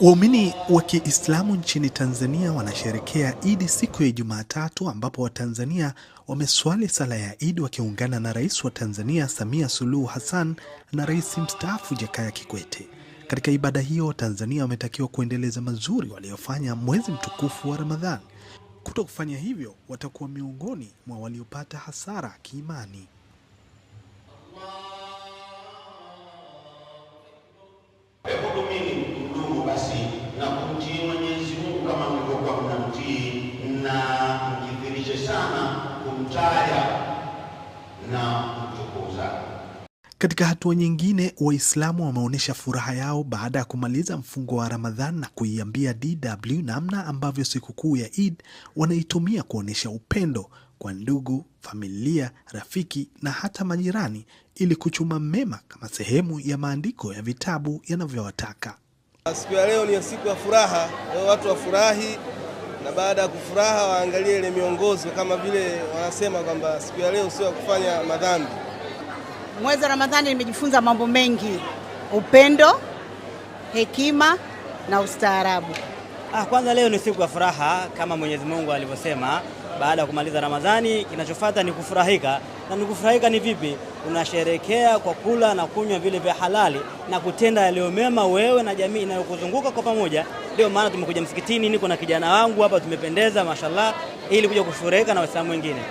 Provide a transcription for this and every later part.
Waumini wa Kiislamu nchini Tanzania wanasherekea Idi siku ya Jumatatu ambapo Watanzania wameswali sala ya Idi wakiungana na Rais wa Tanzania Samia Suluhu Hassan na Rais mstaafu Jakaya Kikwete. Katika ibada hiyo, Watanzania wametakiwa kuendeleza mazuri waliofanya mwezi mtukufu wa Ramadhani. Kuto kufanya hivyo, watakuwa miongoni mwa waliopata hasara kiimani basi kama na sana na Katika hatua nyingine, Waislamu wameonyesha furaha yao baada ya kumaliza mfungo wa Ramadhan na kuiambia DW namna ambavyo sikukuu ya Eid wanaitumia kuonyesha upendo kwa ndugu, familia, rafiki na hata majirani ili kuchuma mema kama sehemu ya maandiko ya vitabu yanavyowataka. Siku ya leo ni siku ya furaha, leo watu wafurahi, na baada ya kufuraha waangalie ile miongozo, kama vile wanasema kwamba siku ya leo sio ya kufanya madhambi. Mwezi wa Ramadhani nimejifunza mambo mengi, upendo, hekima na ustaarabu. Ah, kwanza leo ni siku ya furaha kama Mwenyezi Mungu alivyosema baada ya kumaliza Ramadhani, kinachofuata ni kufurahika. Na ni kufurahika ni vipi? Unasherekea kwa kula na kunywa vile vya halali na kutenda yaliyo mema, wewe na jamii inayokuzunguka kwa pamoja. Ndio maana tumekuja msikitini, niko na kijana wangu hapa, tumependeza mashallah, ili kuja kufurahika na Waislamu wengine.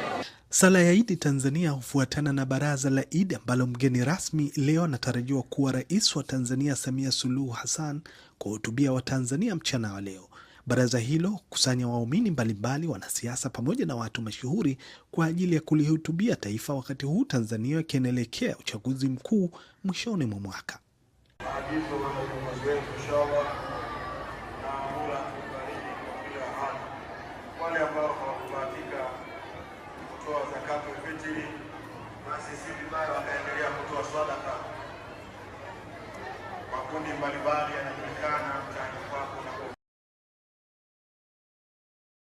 Sala ya Idi Tanzania hufuatana na baraza la Idi ambalo mgeni rasmi leo anatarajiwa kuwa Rais wa Tanzania Samia Suluhu Hassan kuhutubia Watanzania mchana wa leo. Baraza hilo kusanya waumini mbalimbali, wanasiasa pamoja na watu mashuhuri kwa ajili ya kulihutubia taifa wakati huu Tanzania ikienelekea uchaguzi mkuu mwishoni mwa mwaka. Makundi mbalimbali